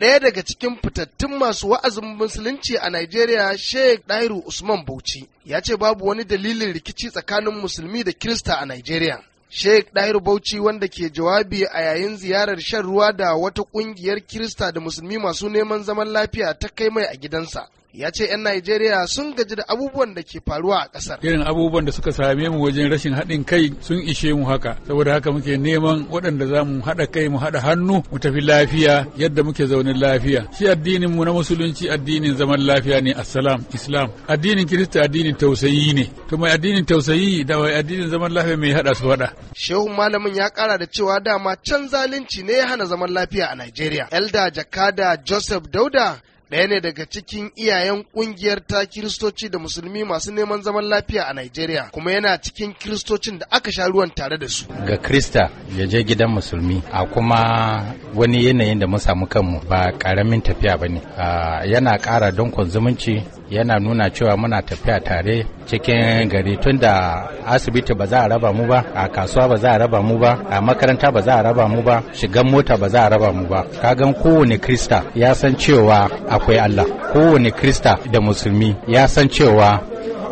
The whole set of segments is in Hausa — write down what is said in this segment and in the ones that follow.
ɗaya daga cikin fitattun masu wa'azin musulunci a Najeriya Sheikh Dairu Usman Bauchi ya ce babu wani dalilin rikici tsakanin musulmi da Kirista a Najeriya. Sheikh Dairu Bauchi wanda ke jawabi a yayin ziyarar shan ruwa da wata ƙungiyar Kirista da musulmi masu neman zaman lafiya ta kai mai a gidansa. ya ce 'yan Najeriya sun gaji da abubuwan da ke faruwa a ƙasar. Irin abubuwan da suka same mu wajen rashin haɗin kai sun ishe mu haka, saboda haka muke neman waɗanda za mu haɗa kai mu haɗa hannu mu tafi lafiya yadda muke zaunin lafiya. Shi addinin mu na musulunci addinin zaman lafiya ne assalam islam. Addinin Kirista addinin tausayi ne. To mai addinin tausayi da wai addinin zaman lafiya mai haɗa su haɗa. Shehu malamin ya kara da cewa dama can zalunci ne ya hana zaman lafiya a Najeriya. Elda Jakada Joseph Dauda ɗaya ne daga cikin iyayen ƙungiyar ta kiristoci da musulmi masu neman zaman lafiya a Najeriya kuma yana cikin kiristocin da aka sha ruwan tare da su. Ga Krista ya je gidan musulmi a kuma wani yanayin da mu samu kanmu ba ƙaramin tafiya ba ne ah, yana ƙara donkon zumunci yana nuna cewa muna tafiya tare cikin gari tun da asibiti ba za a raba mu ba a kasuwa ba za a raba mu ba a makaranta ba za a raba mu ba shigan mota ba za a raba mu ba ka gan kowane krista ya san cewa akwai allah kowane krista da musulmi ya san cewa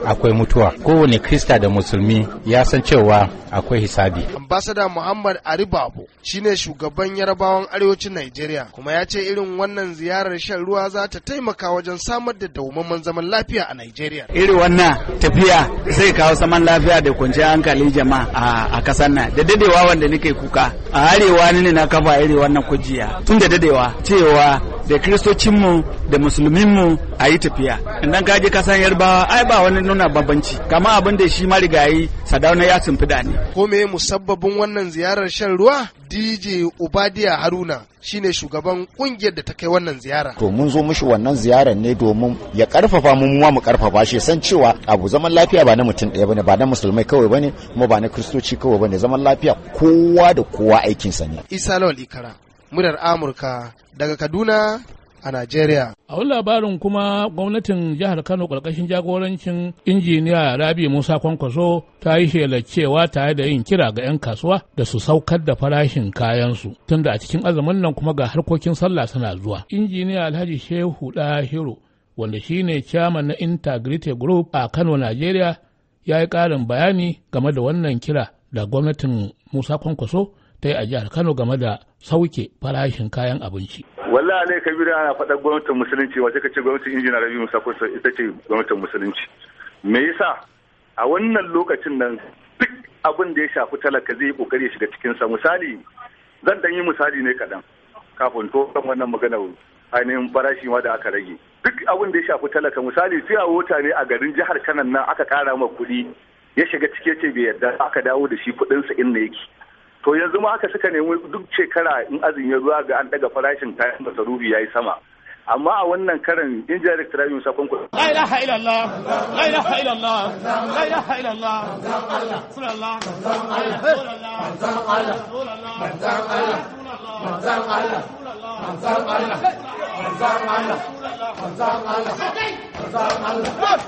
akwai mutuwa kowane krista da musulmi ya san cewa akwai hisabi ambasada muhammad aribabu shine shugaban yarabawan arewacin nigeria kuma ya ce irin wannan ziyarar shan ruwa za ta taimaka wajen samar da dawwammamen zaman lafiya a nigeria irin wannan tafiya zai kawo zaman lafiya da kwanciyar hankali jama'a a kasar nan da dadewa wanda nake kuka a arewa ne na kafa irin wannan kujiya tun da dadewa cewa da kristocinmu da musulminmu a yi tafiya idan ka je kasan yarbawa ai ba wani nuna bambanci kama abin da shi marigayi sadauna ya fida ne ko me musabbabin wannan ziyarar shan ruwa DJ Ubadiya Haruna shine shugaban kungiyar da ta kai wannan ziyara. To mun zo mishi wannan ziyarar ne domin ya karfafa mu mu mu karfafa shi san cewa abu zaman lafiya ba na mutum ɗaya bane ba na musulmai kawai bane kuma ba na kristoci kawai bane zaman lafiya kowa da kowa aikinsa ne. Isa Lawal Ikara, murar Amurka daga Kaduna a Najeriya. A wani labarin kuma gwamnatin jihar Kano ƙarƙashin jagorancin injiniya Rabi Musa Kwankwaso ta yi shelar cewa tare da yin kira ga 'yan kasuwa da su saukar da farashin kayansu tunda a cikin azumin nan kuma ga harkokin sallah suna zuwa. Injiniya Alhaji Shehu Dahiru wanda shine chairman na Integrity Group a Kano, Najeriya ya yi ƙarin bayani game da wannan kira da gwamnatin Musa Kwankwaso ta yi a jihar Kano game da sauke farashin kayan abinci. Wallahi ne kabiru ana faɗar gwamnatin musulunci wace ka gwamnatin injina rabi musa ko ita ce gwamnatin musulunci. Me yasa a wannan lokacin nan duk abin da ya shafi talaka zai yi kokari ya shiga cikinsa misali zan dan yi misali ne kaɗan kafin to kan wannan maganar ainihin farashi ma da aka rage duk abin da ya shafi talaka misali tuya wota ne a garin jihar Kano nan aka kara ma kuɗi ya shiga cike ce bai yarda aka dawo da shi kuɗinsa inda yake to yanzu ma aka suka nemi duk shekara in azumi ya zuwa ga an daga farashin kayan masarufi yi sama amma a wannan karan indirect revenue sakon kuɗi. La ilaha illallah, la ilaha illallah, la ilaha illallah,